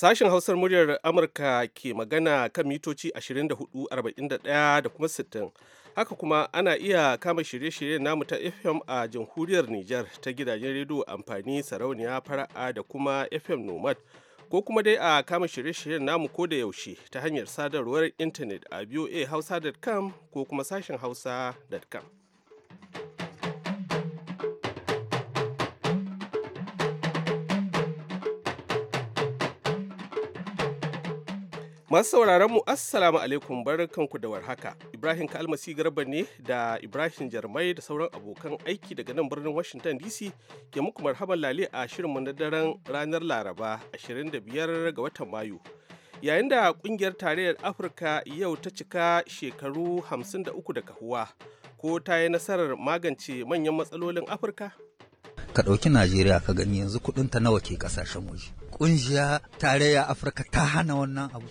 Sashen Hausar muryar Amurka ke magana kan mitoci 24,41 da kuma 60. Haka kuma ana iya kama shirye-shiryen namu ta FM a jamhuriyar Nijar ta gidajen rediyo amfani sarauniya fara'a da kuma FM Nomad. Ko kuma dai a kama shirye-shiryen namu ko da yaushe ta hanyar sadarwar intanet a voahausa.com ko kuma sashen hausa.com. Masu sauraron mu assalamu alaikum barkanku da warhaka. Ibrahim Kalmasi Garba ne da Ibrahim Jarmai da sauran abokan aiki daga nan birnin Washington DC ke muku marhaban lale a shirinmu na daren ranar Laraba 25 ga watan Mayu. Yayin da kungiyar tarayyar Afirka yau ta cika shekaru 53 da kahuwa, ko ta yi nasarar magance manyan matsalolin Afirka? ka ɗauki Najeriya ka gani yanzu kuɗinta nawa ke ƙasashen waje. Ƙungiya tarayya Afirka ta hana wannan abu.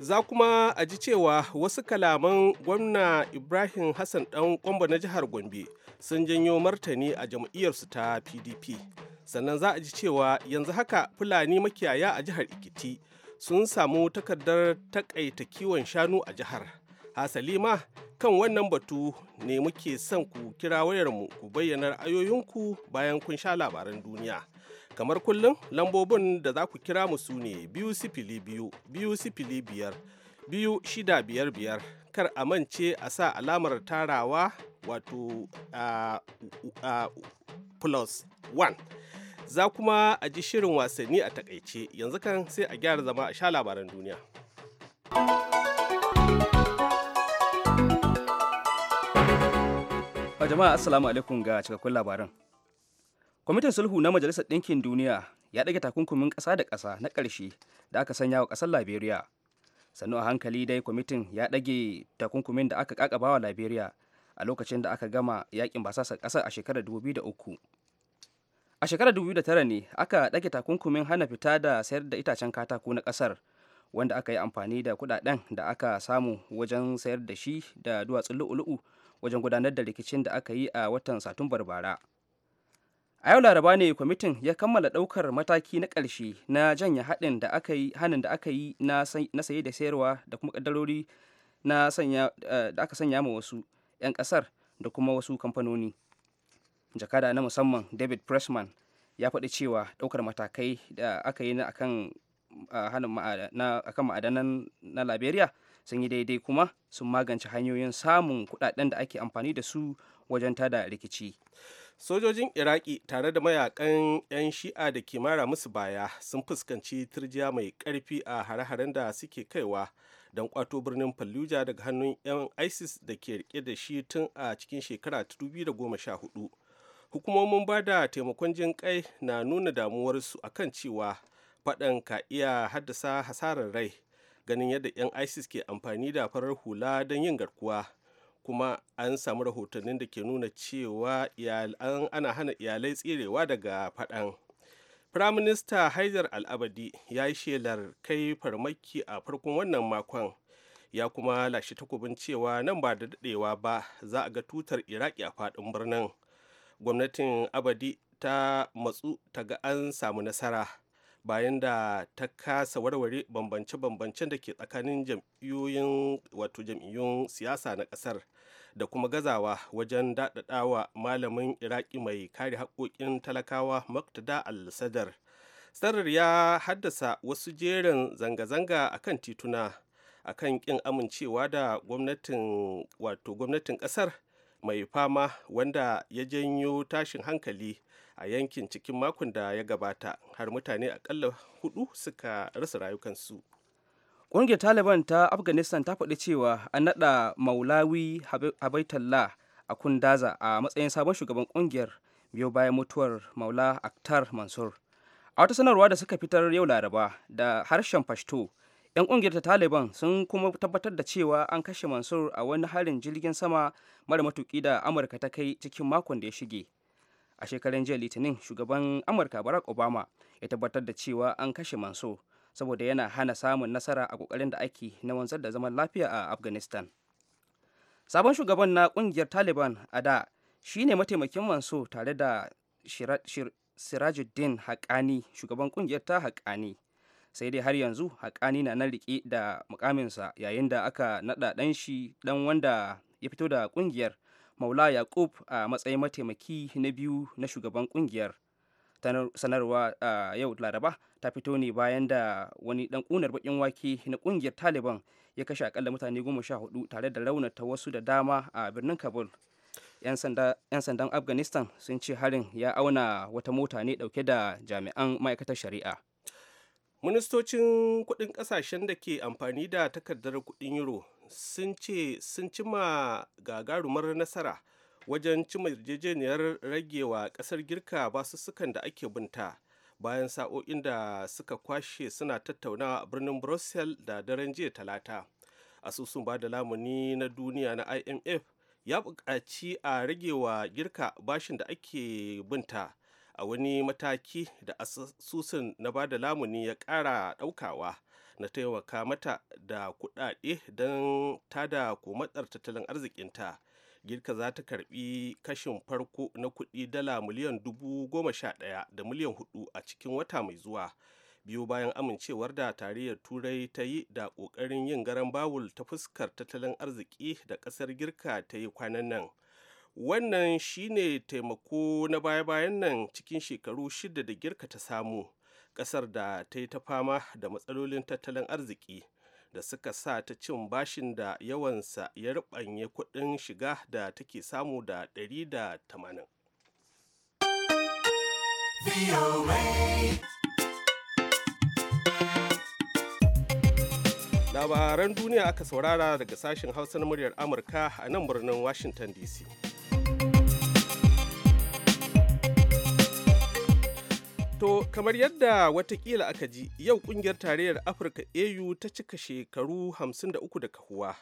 za kuma a ji cewa wasu kalaman gwamna ibrahim hassan dan kwamba na jihar gombe sun janyo martani a jam'iyyarsu ta pdp sannan za a ji cewa yanzu haka fulani makiyaya a jihar ikiti sun samu takardar takaita kiwon shanu a jihar hasali ma kan wannan batu ne muke son ku kira wayarmu ku bayyana ra'ayoyinku bayan kun sha labaran duniya kamar kullum lambobin da za ku kira mu su ne biyu sifili biyu biyu sifili biyar biyu shida biyar biyar kar a mance a sa alamar tarawa wato plus za kuma a ji shirin wasanni a takaice yanzu kan sai a gyara zama a sha labaran duniya jama'a assalamu alaikum ga cikakkun labaran kwamitin sulhu na majalisar ɗinkin duniya ya ɗage takunkumin ƙasa da ƙasa na ƙarshe da aka sanya wa ƙasar liberia sannu a hankali dai kwamitin ya ɗage takunkumin da aka ƙaƙaba wa liberia a lokacin da aka gama yakin basasar ƙasar a shekarar 2003 a shekarar 2009 ne aka ɗage takunkumin hana fita da sayar da itacen katako na ƙasar wanda aka yi amfani da kudaden da aka samu wajen sayar da shi da duwatsun lu'ulu'u wajen gudanar da rikicin da aka yi a watan satumbar bara a yau laraba ne kwamitin ya kammala ɗaukar mataki na ƙarshe na janya haɗin da aka yi hanin da aka yi na saye da sayarwa da kuma ƙaddarori eh, da aka sanya ma wasu 'yan ƙasar da kuma wasu kamfanoni jakada na musamman david pressman ya faɗi cewa ɗaukar matakai da aka yi na kan eh, ma'adanan na liberia sun yi daidai kuma sun magance hanyoyin samun kuɗaɗen da ake amfani da su wajen tada rikici sojojin iraki tare da mayakan 'yan shi'a da ke mara musu baya sun fuskanci turjiya mai karfi a hare-haren da suke kaiwa don kwato birnin fallujah daga hannun 'yan isis da ke rike da shi tun a cikin shekara 2014 hukumomin ba da taimakon jin kai na nuna damuwarsu kan cewa faɗan ka iya haddasa hasarar rai ganin yadda 'yan isis ke amfani da farar hula don yin garkuwa kuma an samu rahotannin da ke nuna cewa ana hana iyalai tserewa daga faɗan firaminista al-abadi ya yi shelar kai farmaki a farkon wannan makon ya kuma lashe takobin cewa nan ba da dadewa ba za a ga tutar iraki a fadin birnin gwamnatin abadi ta matsu ta ga an samu nasara bayan da ta kasa warware bambance-bambancen da ke tsakanin jam'iyyun siyasa na kasar. da kuma gazawa wajen daɗaɗawa malamin iraki mai kare haƙoƙin talakawa maktada al-sadar sarar ya haddasa wasu jerin zanga-zanga a kan tituna a kan ƙin amincewa da gwamnatin gwamnatin ƙasar mai fama wanda ya janyo tashin hankali a yankin cikin makon da ya gabata har mutane akalla hudu suka rasa rayukansu. ƙungiyar taliban ta afghanistan ta faɗi cewa an naɗa maulawi habaitallah a kundaza a matsayin sabon shugaban ƙungiyar biyo bayan mutuwar maula akhtar mansur a wata sanarwa da suka fitar yau laraba da harshen pashto 'yan ƙungiyar ta taliban sun kuma tabbatar da cewa an kashe mansur a wani harin jirgin sama mara matuƙi da amurka ta kai cikin makon da ya shige a shekarun jiya litinin shugaban amurka barack obama ya tabbatar da cewa an kashe mansur saboda yana hana samun nasara a kokarin da ake na wanzar da zaman lafiya a afghanistan sabon shugaban na kungiyar taliban a da shine mataimakin manso tare da sirajuddin haƙani shugaban kungiyar ta haƙani sai dai har yanzu haƙani na nan riƙe da mukaminsa yayin da aka naɗa ɗan shi ɗan wanda ya fito da kungiyar maula yakub a matsayin mataimaki na biyu na shugaban kungiyar sanarwa a yau laraba ta fito ne bayan da wani dan kunar bakin wake na kungiyar taliban ya kashe akalla mutane goma sha hudu tare da launata wasu da dama a birnin kabul 'yan sandan afghanistan sun ce harin ya auna wata mota ne dauke da jami'an ma'aikatar shari'a ministocin kudin kasashen da ke amfani da takardar kudin euro sun ce sun cima gagarumar nasara wajen cima yarjejeniyar ragewa kasar girka basussukan da ake binta bayan sa'o'in da suka kwashe suna tattaunawa a birnin brussels da daren jiya talata asusun ba da lamuni na duniya na imf ya buƙaci a ragewa girka bashin da ake binta a wani mataki da asusun na ba da lamuni ya ƙara ɗaukawa na taimaka mata da kuɗaɗe don tada matsar tattalin arzikinta girka za ta karbi kashin farko na kuɗi dala miliyan dubu goma sha ɗaya da miliyan hudu a cikin wata mai zuwa biyu bayan amincewar da tarayyar turai ta yi da ƙoƙarin yin garan bawul ta fuskar tattalin arziki da ƙasar girka ta yi kwanan nan wannan shine taimako na baya-bayan nan cikin shekaru shida da girka ta samu ƙasar da ta yi ta fama da matsalolin tattalin arziki da suka sa ta cin bashin da yawansa ya rubanye kuɗin shiga da take samu da 180. Labaran duniya aka saurara daga sashen Hausa na muryar Amurka a nan birnin Washington DC. To, kamar yadda watakila aka ji, yau kungiyar tarayyar Afirka AU ta cika shekaru 53 da kahuwa.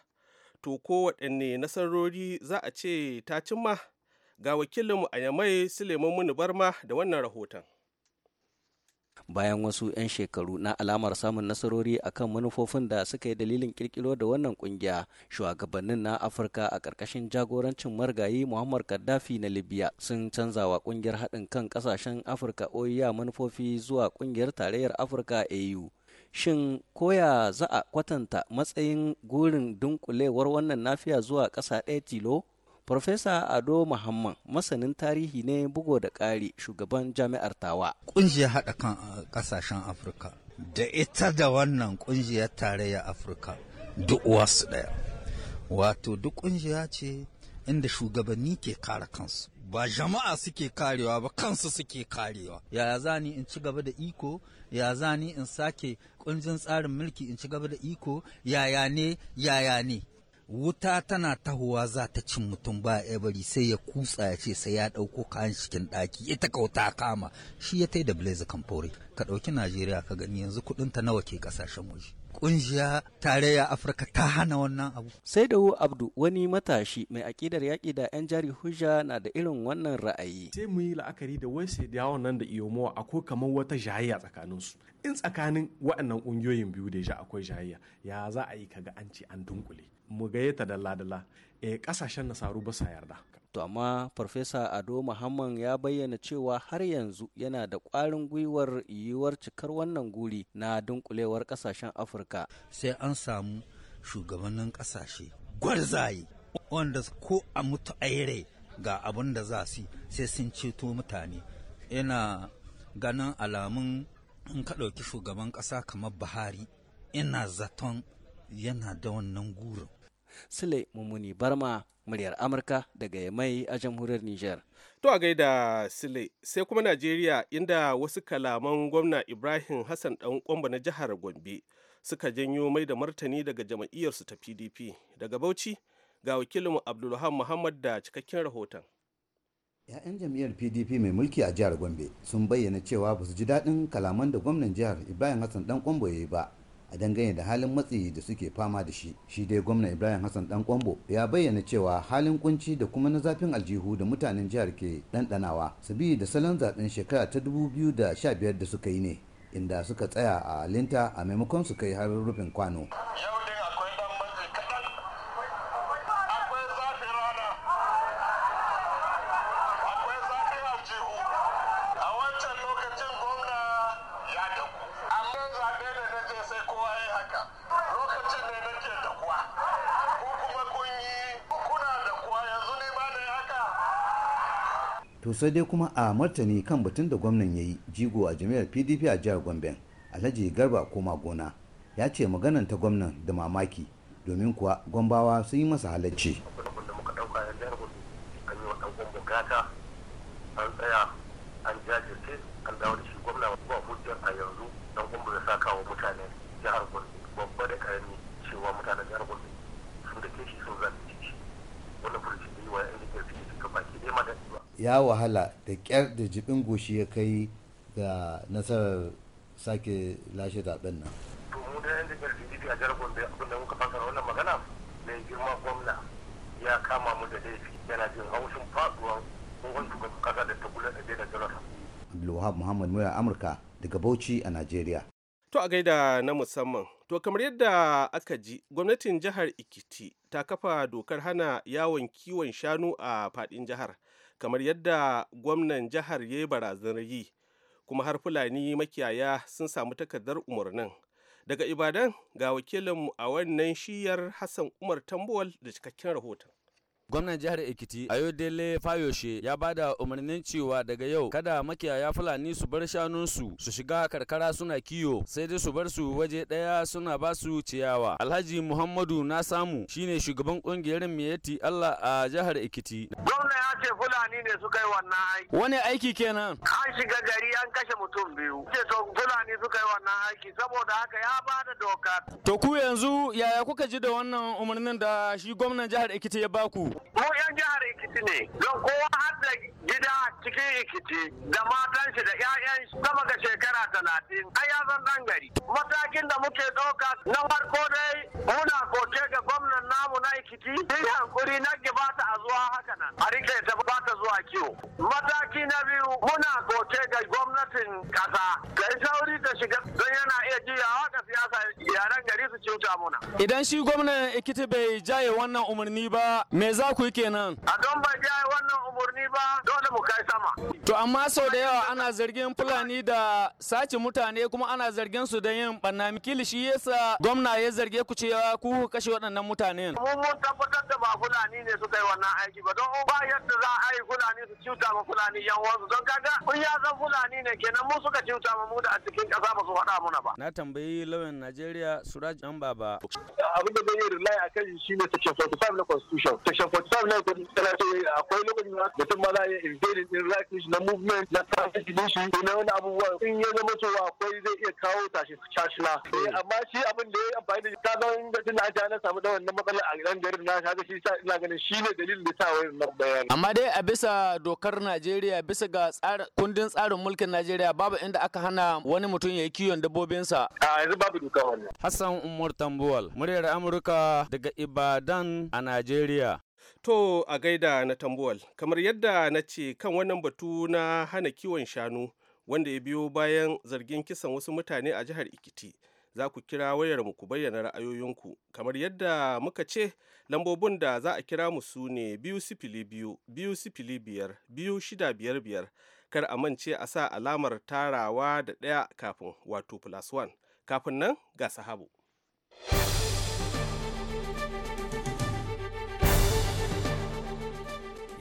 To, ko waɗanne nasarori za a ce ta cimma? Ga wakilinmu a Yamai Suleiman Muni Barma da wannan rahoton. bayan wasu 'yan shekaru na alamar samun nasarori akan manufofin da suka yi dalilin kirkiro da wannan kungiya shugabannin na afirka a ƙarƙashin jagorancin margayi muhammad gaddafi na libya sun canza wa kungiyar haɗin kan ƙasashen afirka oiya manufofi zuwa ƙungiyar tarayyar afirka au shin koya za a kwatanta matsayin gurin dunkulewar wannan nafiya zuwa ƙasa ɗaya tilo Profesa Ado Muhammad masanin tarihi ne bugo da ƙari shugaban jami'ar Tawa. Ƙungiyar haɗa kan ƙasashen Afirka da ita da wannan ƙungiyar tarayyar Afirka duk wasu ɗaya. Wato duk ƙungiya ce inda shugabanni ke kare kansu. Ba jama'a suke karewa ba kansu suke karewa. Yaya za ni in ci gaba da iko, ya za ni in sake ƙunjin tsarin mulki in ci gaba da iko, yaya ne, yaya ne. wuta tana tahowa za ta cin mutum ba a bari sai ya kutsa ya ce sai ya ɗauko kayan cikin ɗaki ita kauta kama shi ya tai da blaze kamfore ka ɗauki najeriya ka gani yanzu ta nawa ke kasashen waje ƙungiya tarayya afirka ta hana wannan abu sai da abdu wani matashi mai aƙidar yaƙi da 'yan jari hujja na da irin wannan ra'ayi sai mu yi la'akari da wai sai da nan da iyomowa akwai kamar wata jayayya tsakaninsu in tsakanin waɗannan ƙungiyoyin biyu da ja akwai jayayya ya za a yi kaga an ce an dunkule mu gayyata ta dalla-dalla e eh, kasashen nasaru ba sa yarda to amma farfesa ado muhammad ya bayyana cewa har yanzu yana da ƙwarin gwiwar yiwuwar cikar wannan guri na dunkulewar kasashen afirka sai an samu shugabannin kasashe gwarzaye wanda ko a mutu aire ga abin da za su sai sun ceto mutane ina ganin alamun in ka ɗauki shugaban ƙasa kamar buhari ina zaton yana da wannan gurin Sule mumuni Barma muryar Amurka daga Yamai a jamhuriyar Nijar. To a gaida Sile sai kuma Najeriya inda wasu kalaman gwamna Ibrahim Hassan dan kwamba na jihar Gombe suka janyo mai da martani daga jama'iyyarsu ta PDP. Daga Bauchi ga wakilinmu Abdulluhan Muhammad da cikakken rahoton. 'Ya'yan jam'iyyar PDP mai mulki a jihar Gombe sun bayyana cewa ba su ji daɗin kalaman da gwamnan jihar Ibrahim Hassan dan kwambo ya yi ba a dangane da halin matsi da suke fama da shi shi dai gwamna ibrahim hassan dan kwambo ya bayyana cewa halin kunci da kuma na zafin aljihu da mutanen jihar ke ɗanɗanawa sabili da salon zaɓen shekara ta dubu biyu da sha biyar da suka yi ne inda suka tsaya a linta a maimakon su kai har rufin kwano yau sai dai kuma a martani kan batun da gwamnan ya yi jigo a jami'ar pdp a jihar gombe alhaji garba koma gona ya ce maganan ta gwamnan da mamaki domin kuwa gwambawa sun yi masa halacci ya wahala da kyar da jibin goshi ya kai ga nasarar sake lashe zaben nan. to mu da yan jibin pdp a jihar gombe abin da muka fasara wannan magana mai girma gwamna ya kama mu da laifi yana jin haushin faduwar tsohon shugaban kasa da ta kula da daidai jarata. Abdulwahab Muhammad Mura Amurka daga Bauchi a Najeriya. To a gaida na musamman. To kamar yadda aka ji gwamnatin jihar Ikiti ta kafa dokar hana yawon kiwon shanu a fadin jihar. kamar yadda gwamnan jihar ya yi barazanar yi kuma har fulani makiyaya sun samu takardar umarnin daga ibadan ga wakilinmu a wannan shiyar hassan umar tambuwal da cikakken rahoton Gwamnan jihar Ekiti Ayodele Fayoshe ya ba da umarnin cewa daga yau kada makiyaya Fulani su bar shanunsu su shiga karkara suna kiyo sai dai su bar su waje ɗaya suna ba su ciyawa. Alhaji Muhammadu na samu shine shugaban kungiyar Miyeti Allah a jihar Ekiti. Gwamna ya ce Fulani ne suka yi wannan aiki. Wani aiki kenan? An shiga gari an kashe mutum biyu. Ce to Fulani suka yi wannan aiki saboda haka ya ba da doka. To ku yanzu yaya kuka ji da wannan umarnin da shi gwamnan jihar Ekiti ya baku? mu yan jihar Ekiti ne don kowa har da gida cikin Ekiti da matan shi da 'ya'yan sama ga shekara talatin ai ya zan gari matakin da muke ɗauka na farko dai muna koke ga gwamnan namu na Ekiti yin hankuri na gibata a zuwa haka nan a rike ta ba ta zuwa kiwo mataki na biyu muna koke ga gwamnatin ƙasa da sauri ta shiga don yana iya jiyawa ga siyasa yare gari su muna. Idan shi gwamnan Ekiti bai jaye wannan umarni ba, me za ku yi kenan? A don bai jaye wannan umarni ba, dole mu kai sama. To amma sau da yawa ana zargin Fulani da sace mutane kuma ana zargin su da yin ɓanna mikili shi yasa gwamna ya zarge ku cewa ku kashe waɗannan mutanen. Mun mun tabbatar da ba Fulani ne suka yi wannan aiki ba don ba yadda za a yi Fulani su ciuta ma Fulani yan wasu don kaga kun ya san Fulani ne kenan mu suka ciuta ma mu da a cikin ƙasa ba su faɗa muna ba. Na tambayi lauyan Najeriya su. Suraj Ambaba. Abin da zai rilai a kan shi ne section 45 na constitution. Section 45 na constitution akwai lokacin da mutum ma za a yi invading in rights na movement na transit ko na wani abubuwa in ya zama cewa akwai zai iya kawo tashi cashina. Eh, amma shi abin da ya yi amfani da ta zan inda tun ajiya na samu da wannan matsalar a gidan garin na haka shi sa ina ganin shi ne dalilin da sa wani na bayani. Amma dai a bisa dokar Najeriya bisa ga kundin tsarin mulkin Najeriya babu inda aka hana wani mutum ya yi kiwon dabbobinsa. A yanzu babu doka wannan. Hassan Hassan Umar Tambuwal, muryar Amurka daga Ibadan a Najeriya. To a gaida na Tambuwal, kamar yadda na ce kan wannan batu na hana kiwon shanu wanda ya biyo bayan zargin kisan wasu mutane a jihar Ikiti. Za ku kira wayar mu ku bayyana ra'ayoyinku kamar yadda muka ce lambobin da za a kira mu su ne biyu sifili biyu biyu sifili biyar biyu shida biyar biyar kar a mance a sa alamar tarawa da ɗaya kafin wato plus one kafin nan ga sahabu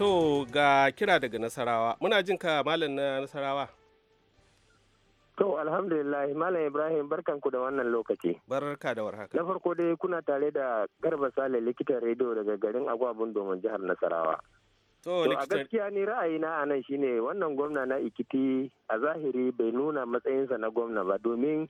To ga kira daga Nasarawa. Muna jin ka malam na Nasarawa. To alhamdulillah Malam Ibrahim barkanku da wannan lokaci. Barka da warhaka. Na farko dai kuna tare da Garba Sale likitan rediyo daga garin Agwabun domin jihar Nasarawa. To a gaskiya ni ra'ayi a nan shine wannan gwamna na Ikiti a zahiri bai nuna matsayinsa na gwamna ba domin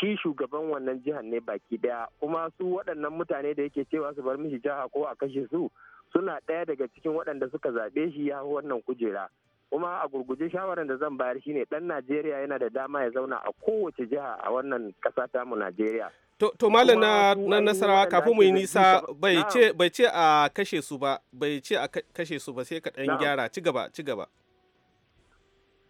shi shugaban wannan jihar ne baki daya kuma su waɗannan mutane da yake cewa su bar mishi jiha ko a kashe su suna ɗaya daga cikin waɗanda suka zaɓe shi ya hau wannan kujera kuma a gurguje shawarar da zan bayar shine ɗan najeriya yana da dama ya zauna a kowace jiha a wannan ƙasa tamu najeriya To, to malam na, na nasarawa kafin mu yi nisa bai ce a kashe su ba bai ce a kashe su ba sai ka ɗan gyara ci gaba ci gaba.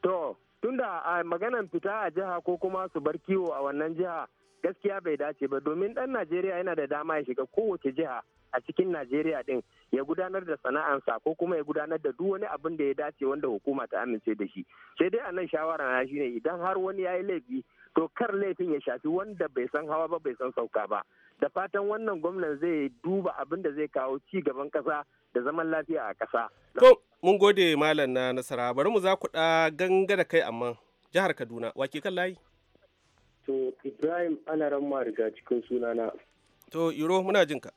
To tunda a maganan fita a jiha ko kuma su bar kiwo a wannan jiha gaskiya bai dace ba domin ɗan najeriya yana da dama ya shiga kowace jiha a cikin najeriya ɗin ya gudanar da sana'ansa ko kuma ya gudanar da duk wani abin da ya dace wanda hukuma ta amince da shi sai dai anan shawara na shine idan har wani ya yi laifi to kar laifin ya shafi wanda bai san hawa ba bai san sauka ba da fatan wannan gwamnan zai duba abin da zai kawo ci gaban ƙasa da zaman lafiya a ƙasa. To mun gode malam na nasara bari mu za ku ɗa ganga da kai amma jihar Kaduna wake kan layi. To Ibrahim ma riga cikin sunana. To Iro muna jin ka.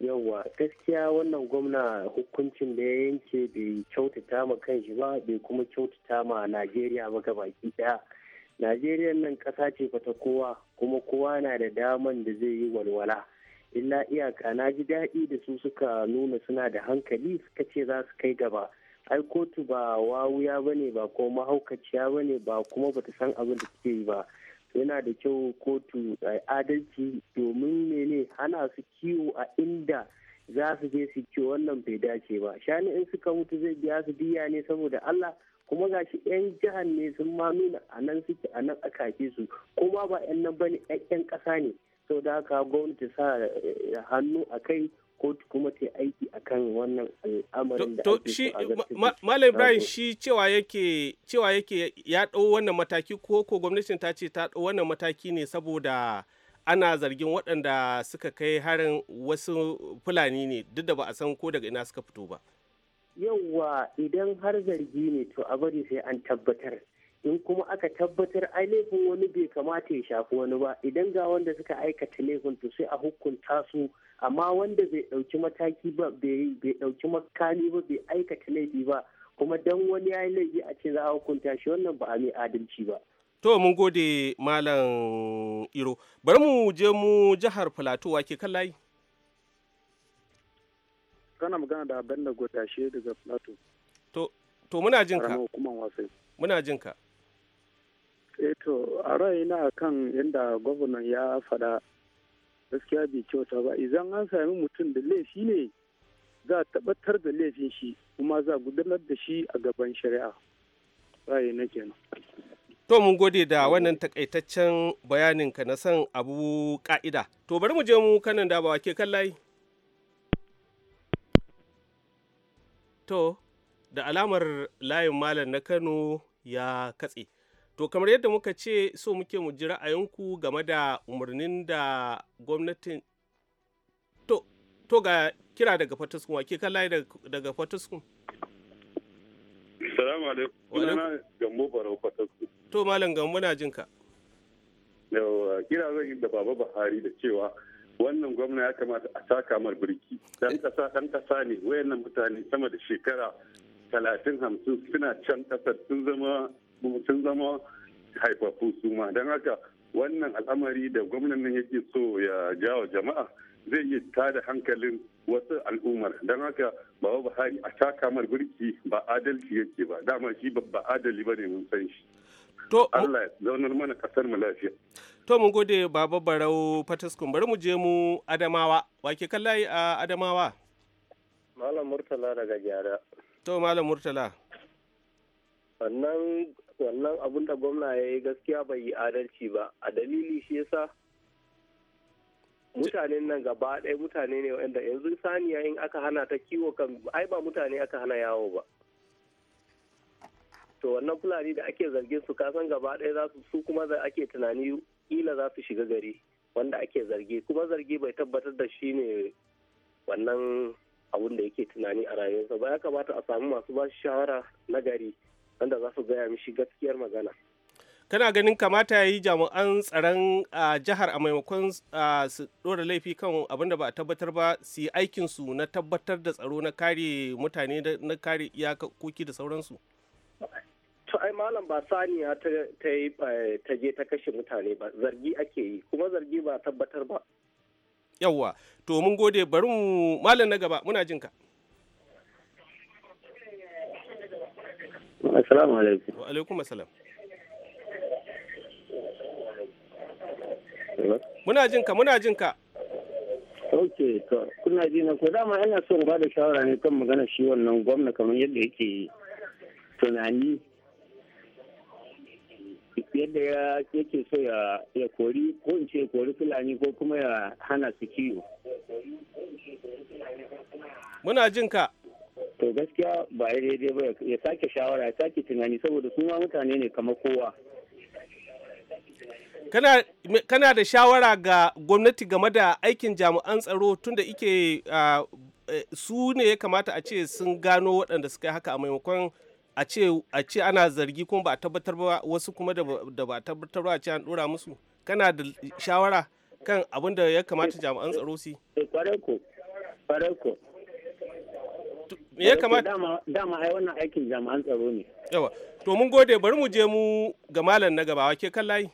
Yawwa gaskiya wannan gwamna hukuncin da ya yanke bai kyautata ma kan shi ba bai kuma kyautata ma Najeriya ba baki daya. Najeriya nan kasa ce fata kowa kuma kowa na da daman da zai yi walwala. Illa iyaka na ji daɗi da su suka nuna suna da hankali suka ce za su kai gaba. ai kotu ba wawuya ba ne ba ko mahaukaciya ba ne ba kuma bata san abin da suke yi ba yana da kyau kotu a adalci domin mene hana su kiwo a inda za su je su kiwo wannan bai dace ba shani in suka mutu zai biya su biya ne saboda Allah kuma ga shi 'yan jihar ne sun ma nuna a nan suke a nan aka su kuma ba 'yan nan bane 'yan ƙasa ne sau da haka gwamnati sa eh, hannu a kai kotu kuma ta aiki akan wannan al'amarin da ake shi malam ibrahim shi cewa yake cewa yake ya ɗau wannan mataki ko ko gwamnatin ta ce ta ɗau wannan mataki ne saboda ana zargin waɗanda suka kai harin wasu fulani ne duk da ba a san ko daga ina suka fito ba yauwa idan har zargi ne to a bari sai an tabbatar in kuma aka tabbatar ai laifin wani bai kamata ya shafi wani ba idan ga wanda suka aikata laifin to sai a hukunta su amma wanda bai ɗauki mataki ba bai ɗauki makami ba bai aikata laifi ba kuma dan wani ya yi laifi a ce za a hukunta shi wannan ba a mai adalci ba. To mun gode Malam Iro. Bari mu je mu jihar Filato wake kan layi. Kana magana da abin da daga Filato. To, to muna jinka Muna jin ka. Eh, to a ra'ayina a kan yadda gwamnan ya faɗa gaskiya bai kyauta ba idan an sami mutum da laifi ne za a tabbatar da laifin shi kuma za a gudanar da shi a gaban shari'a ra'ayina kenan To mun gode da wannan takaitaccen bayaninka na son abu ka'ida. To bari mu je mu kanan da ba ke kallai. To da alamar layin malam na Kano ya katse. to kamar yadda muka ce so muke mu ji ra'ayinku game da umarnin da gwamnatin to, to ga kira daga fataskun wake kan layi daga fataskun salamu alaikum sunana gambo barau fataskun to malam gambo na jinka yawa kira zan yi da baba buhari da cewa wannan gwamna ya kamata a saka mar birki dan kasa dan kasa ne wayannan mutane sama da shekara talatin hamsin suna can kasar sun zama sun zama haifafu su ma don haka wannan al'amari da gwamnan nan yake so ya jawo jama'a zai yi tada hankalin wasu al'ummar don haka ba buhari a taka mar birki ba adalci yake ba dama shi ba adali ba ne mun san shi to Allah ya zaunar mana kasar mu lafiya to mun gode baba barau fataskun bari mu je mu adamawa wake kallai a adamawa malam murtala daga gyara to malam murtala wannan wannan abun da gwamna ya yi gaskiya bai yi adalci ba a dalili shi yasa mutanen nan gaba ɗaya mutane ne wanda yanzu saniya in aka hana ta kiwo kan ai ba mutane aka hana yawo ba to wannan fulani da ake zargin su kasan gaba ɗaya za su kuma da ake tunani kila za su shiga gari wanda ake zargi kuma zargi bai tabbatar da shi ne wannan abun da yake tunani a rayuwarsa ba ya kamata a samu masu ba shawara na gari wanda za su gaya mishi gaskiyar magana kana ganin kamata ya yi jami'an tsaron a jihar a maimakon su ɗora laifi kan abin da ba a tabbatar ba su yi aikinsu na tabbatar da tsaro na kare mutane na kare iyakoki da sauransu to ai malam ba saniya ta yi ta je ta kashe mutane ba zargi ake yi kuma zargi ba tabbatar ba yawwa to mun gode bari mu malam na gaba muna jinka ka Assalamu alaikum. Wa alaikum assalam. Muna jin ka, muna jin ka. Ok, to, kuna ji na ko dama ina son ba da shawara ne kan magana shi wannan gwamna kamar yadda yake tunani yadda ya yake so ya kori ko in ce kori fulani ko kuma ya hana su kiwo. Muna jin ka. to gaskiya ba ya daidai ba ya sake shawara ya sake tunani saboda su ma mutane ne kamar kowa kana da shawara ga gwamnati game da aikin jami'an tsaro tunda ike e, su ne ya kamata a ce sun gano waɗanda suka yi haka a maimakon a ce ana zargi kuma ba a tabbatar ba wasu kuma da ba a tabbatar ba a ce an dora musu kana da shawara kan abin da ya kamata jami'an tsaro su yi eh, me ya kamata dama ai wannan aikin jami'an tsaro ne yawa to mun gode bari mu je mu ga malam na gabawa ke kan layi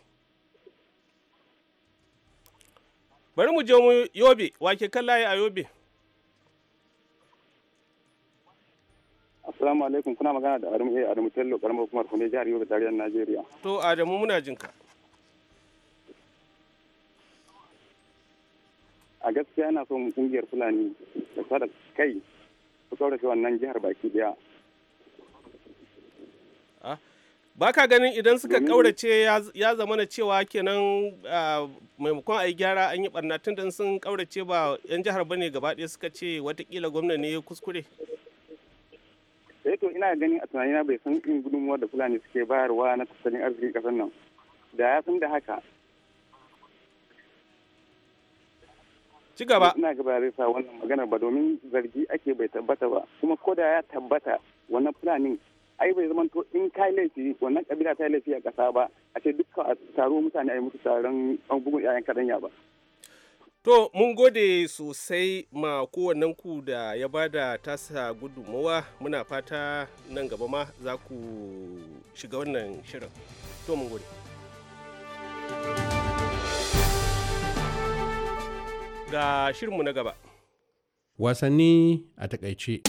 bari mu je mu yobe wake kan layi a yobe Assalamu alaikum kuna magana da Adamu eh Adamu Tello karamar hukumar Kume jihar Yobe tarayyar Najeriya. To Adamu muna jin ka. A gaskiya yana son kungiyar Fulani da sada kai su kaurace wannan jihar baki daya ah, ba ka ganin idan suka kaurace ya zama na cewa kenan ah, maimakon a yi gyara an yi barna tun da sun kaurace ba 'yan jihar ba ne gaba ɗaya suka ce watakila gwamna ne ya kuskure eh, to ina ganin a tunanina bai san in gudunmuwa da fulani suke bayarwa na tattalin arzikin ƙasar nan da ya san da haka Ci gaba. Ina gaba da wannan magana ba domin zargi ake bai tabbata ba kuma ko da ya tabbata wannan fulanin ai bai zama to in kai laifi wannan kabila ta laifi a kasa ba a ce dukkan a taro mutane a yi musu taron an bugun 'ya'yan kadanya ba. To, mun gode sosai ma kowannen ku da ya bada tasa gudunmawa muna fata nan gaba ma za ku shiga wannan shirin. To, mun gode. ga shirinmu na gaba. Wasanni a takaice.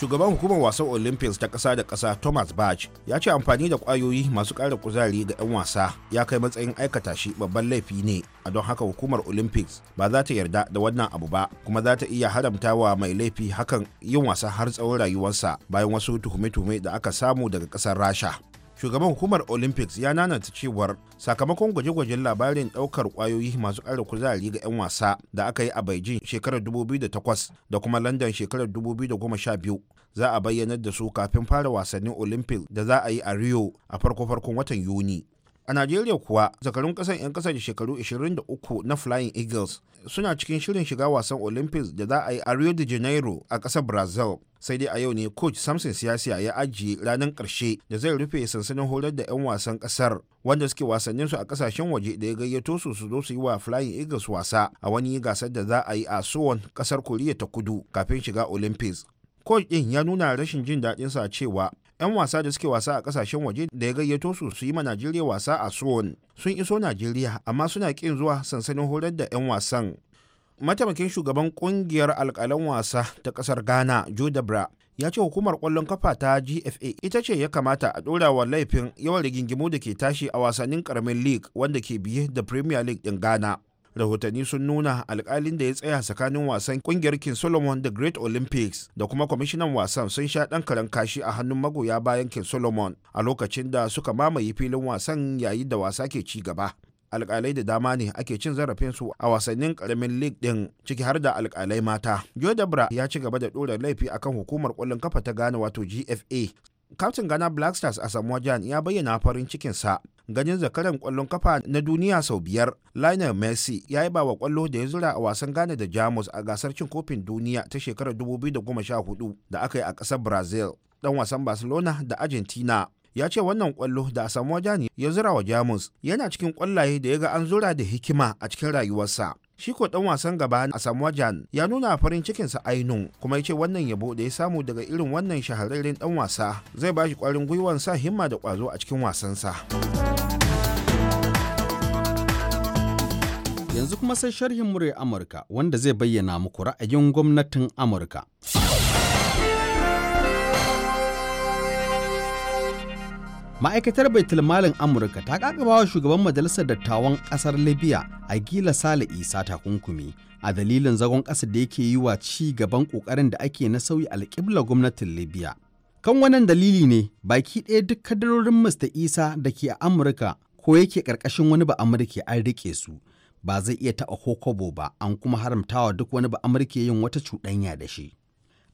shugaban hukumar wasan olympics ta ƙasa da ƙasa thomas bach ya ce amfani da ƙwayoyi masu ƙara kuzari ga 'yan wasa ya kai matsayin aikata shi babban laifi ne a don haka hukumar olympics ba za ta yarda da wannan abu ba kuma za ta iya haramta wa mai laifi hakan yin wasa har tsawon rayuwarsa bayan wasu tuhume-tuhume da aka samu daga ƙasar rasha shugaban hukumar olympics ya nanata cewar sakamakon gwaje-gwajen labarin daukar kwayoyi masu kara kuzari ga 'yan wasa da aka yi a beijing shekarar 2008 da kuma london shekarar 2012 za a bayyanar da su kafin fara wasannin olympics da za a yi a rio a farko-farkon watan yuni A Najeriya kuwa zakarun kasan 'yan ƙasa da shekaru 23 na Flying Eagles suna cikin shirin shiga wasan Olympics da za a yi a Rio de Janeiro a ƙasar Brazil. Sai dai a yau ne coach Samson siyasa ya ajiye ranar ƙarshe da zai rufe sansanin horar da 'yan wasan ƙasar wanda suke wasannin su a ƙasashen waje da ya gayyato su su zo su yi wa Flying Eagles wasa a wani gasar da za a yi a Suwon ƙasar Koriya ta Kudu kafin shiga Olympics. Coach ɗin ya nuna rashin jin daɗinsa cewa 'yan wasa da suke wasa a kasashen waje da ya gayyato su su yi ma najeriya wasa a suwon sun iso najeriya amma suna ƙin zuwa sansanin horar da 'yan wasan mataimakin shugaban kungiyar alkalan wasa ta kasar ghana jodabra ya ce hukumar kwallon kafa ta gfa ita ce ya kamata a dora wa laifin yawan rigingimu da ke tashi a wasannin karamin league wanda ke biye da premier league din ghana rahotanni sun nuna alkalin da ya tsaya tsakanin wasan kungiyar king solomon da great olympics da kuma kwamishinan wasan sun sha dan karan kashi a hannun magoya bayan king solomon a lokacin da suka mamaye filin wasan yayin da wasa ke ci gaba alkalai da dama ne ake cin zarafin su a wasannin karamin league din ciki har da alkalai mata. Jodabra ya ci gaba da dora laifi akan hukumar kwallon kafa ta Ghana wato GFA kaftin ghana black stars a samuwa jan ya bayyana farin cikinsa ganin zakaran kwallon kafa na duniya sau biyar lionel messi ya yi bawa kwallo da ya zura a wasan ghana da jamus a gasar cin kofin duniya ta shekarar 2014 da aka yi a ƙasar brazil dan wasan barcelona da argentina ya ce wannan kwallo da Asamoah ne ya zura wa Jamus yana cikin kwallaye da ya ga an zura da hikima a cikin rayuwarsa. Shi ko dan wasan gaba Asamoah Jan ya nuna farin cikinsa ainun kuma ya ce wannan yabo da ya samu daga irin wannan shahararren dan wasa zai ba shi kwarin gwiwar sa himma da kwazo a cikin wasansa. Yanzu kuma sai sharhin murya Amurka wanda zai bayyana muku ra'ayin gwamnatin Amurka. ma'aikatar malin amurka ta wa shugaban majalisar dattawan kasar libya a gila sale isa takunkumi a dalilin zagon ƙasa da yake yi wa ci gaban ƙoƙarin da ake na sauyi alƙibla gwamnatin libya kan wannan dalili ne baki ɗaya duk kadarorin mr isa da ke a amurka ko yake ƙarƙashin wani ba amurka an riƙe su ba zai iya taɓa kokobo ba an kuma haramtawa duk wani ba amurka yin wata cuɗanya da shi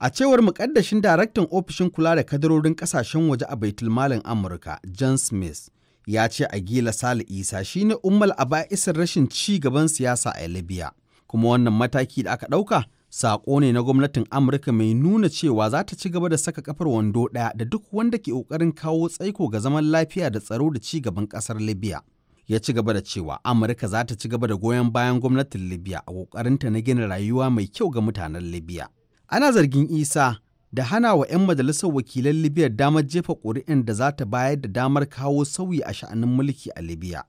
A cewar mukaddashin daraktan ofishin kula da kadarorin kasashen waje a baitulmalin Amurka, John Smith, ya ce a gila Sale Isa shine ummal a ba'isar rashin ci gaban siyasa a Libya. Kuma wannan mataki da aka ɗauka sako ne na gwamnatin Amurka mai nuna cewa za ta ci gaba da saka kafar wando ɗaya da duk wanda ke ƙoƙarin kawo tsaiko ga zaman lafiya da tsaro da ci gaban ƙasar Libya. Ya ci gaba da cewa Amurka za ta ci gaba da goyon bayan gwamnatin Libya a ƙoƙarinta na gina rayuwa mai kyau ga mutanen Libya. Ana zargin Isa da hana wa 'yan majalisar wakilan Libya damar jefa ƙuri'in da za ta bayar da damar kawo sauyi a sha'anin mulki a Libya.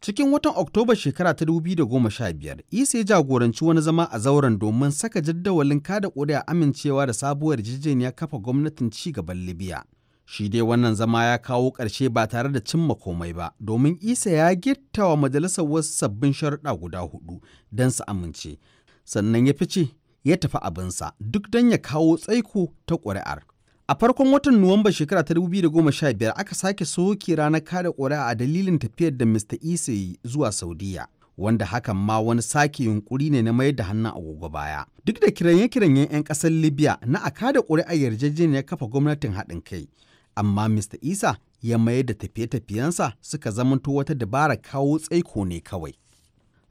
Cikin watan Oktoba shekara ta 2015, Isa ya jagoranci wani zama a zauren domin saka jaddawalin kada ƙuri'a amincewa da sabuwar ya kafa gwamnatin ci gaban Libya. Shi dai wannan zama ya kawo ƙarshe ba tare da cimma komai ba, domin Isa ya gittawa majalisar wasu sabbin sharuɗa guda hudu don su amince, sannan ya fice ya tafi abinsa duk don ya kawo tsaiko ta ƙuri'ar. A farkon watan Nuwamba shekara ta 2015 aka sake soke ranar kada ƙuri'a a dalilin tafiyar da Mr. Isa yi zuwa Saudiya. Wanda hakan ma wani sake yunkuri ne na mayar da hannu a agogo baya. Duk da kiranye-kiranyen 'yan ƙasar Libya na a kada ƙuri'ar yarjejeniyar kafa gwamnatin haɗin kai. Amma Mr. Isa ya mayar da tafiye-tafiyensa suka zamanto wata dabara kawo tsaiko ne kawai.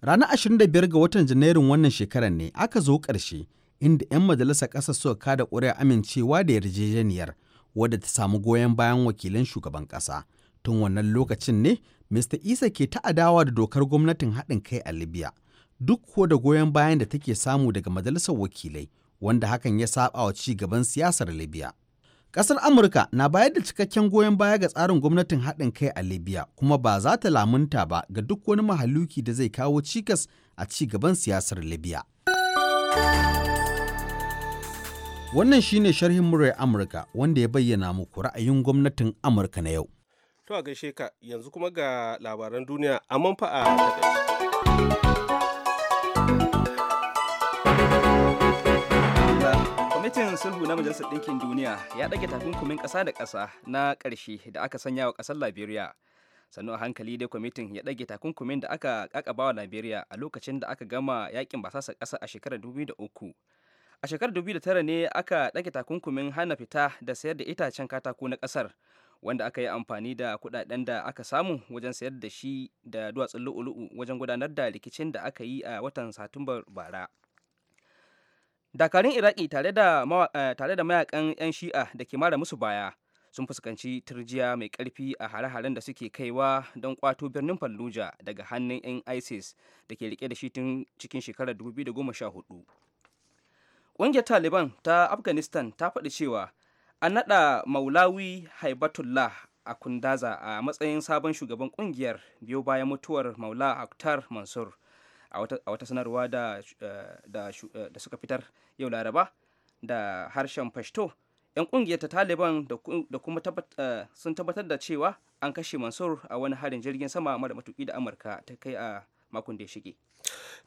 Ranar 25 ga watan Janairun wannan shekarar ne aka zo ƙarshe inda 'yan majalisar ƙasa suka kada ƙuri'a amincewa da yarjejeniyar wadda ta samu goyon bayan wakilan shugaban ƙasa. Tun wannan lokacin ne Mr. Isa ke ta adawa da dokar gwamnatin haɗin kai a Libya. Duk ko da goyon bayan da take samu daga majalisar wakilai wanda hakan ya saɓa wa ci gaban siyasar Libya. Ƙasar Amurka na bayar da cikakken goyon baya ga tsarin gwamnatin haɗin kai a Libya kuma ba za ta lamunta ba ga duk wani mahaluki da zai kawo cikas a ci gaban siyasar Libya. Wannan shine sharhin muryar Amurka wanda ya bayyana muku ra'ayin gwamnatin Amurka na yau. To a gaishe ka yanzu kuma ga labaran duniya amma fa a kwamitin sulhu na majalisar ɗinkin duniya ya ɗage takunkumin ƙasa da ƙasa na ƙarshe da aka sanya wa ƙasar liberia sannu a hankali dai kwamitin ya ɗage takunkumin da aka ƙaƙaba wa liberia a lokacin da aka gama yakin basasa ƙasa a shekarar uku a shekarar 2009 ne aka ɗage takunkumin hana fita da sayar da itacen katako na ƙasar wanda aka yi amfani da kuɗaɗen da aka samu wajen sayar da shi da duwatsun lu'ulu'u wajen gudanar da rikicin da aka yi a watan satumbar bara dakarun iraki tare da eh, mayakan 'yan shi'a da ke mara musu baya sun fuskanci turjiya mai karfi a hare-haren da suke kaiwa don kwato birnin fallujah daga hannun 'yan isis da ke rike da shi tun cikin shekarar 2014 ƙungiyar taliban ta afghanistan ta faɗi cewa an naɗa maulawi haibatullah a kundaza a matsayin sabon shugaban ƙungiyar biyo bayan mutuwar maula akhtar mansur a wata sanarwa eh, eh, da, suka fitar yau laraba da harshen pashto 'yan kungiyar ta taliban da kuma eh, sun tabbatar da cewa an kashe mansur a wani harin jirgin sama mara matuki da amurka ta kai a makon da ya shige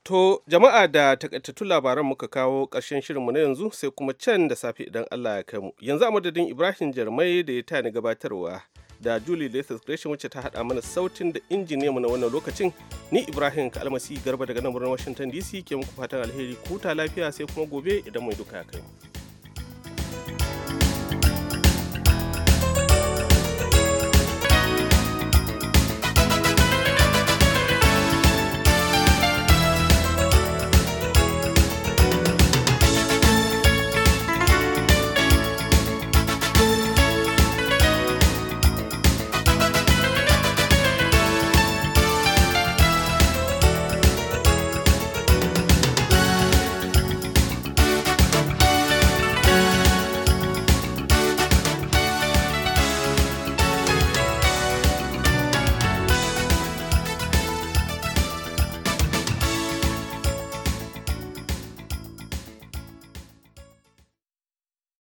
to jama'a da takaitattun labaran muka kawo ƙarshen shirinmu na yanzu sai kuma can da safe idan allah ya kai mu yanzu amadadin ibrahim jarmai da ya ta tani gabatarwa da Julie Lathis Gresham wacce ta hada mana sautin da injiniya mu na wannan lokacin ni Ibrahim Kalmasi Garba daga nan birnin Washington DC ke muku fatan alheri kuta lafiya sai kuma gobe idan mai duka ya kai.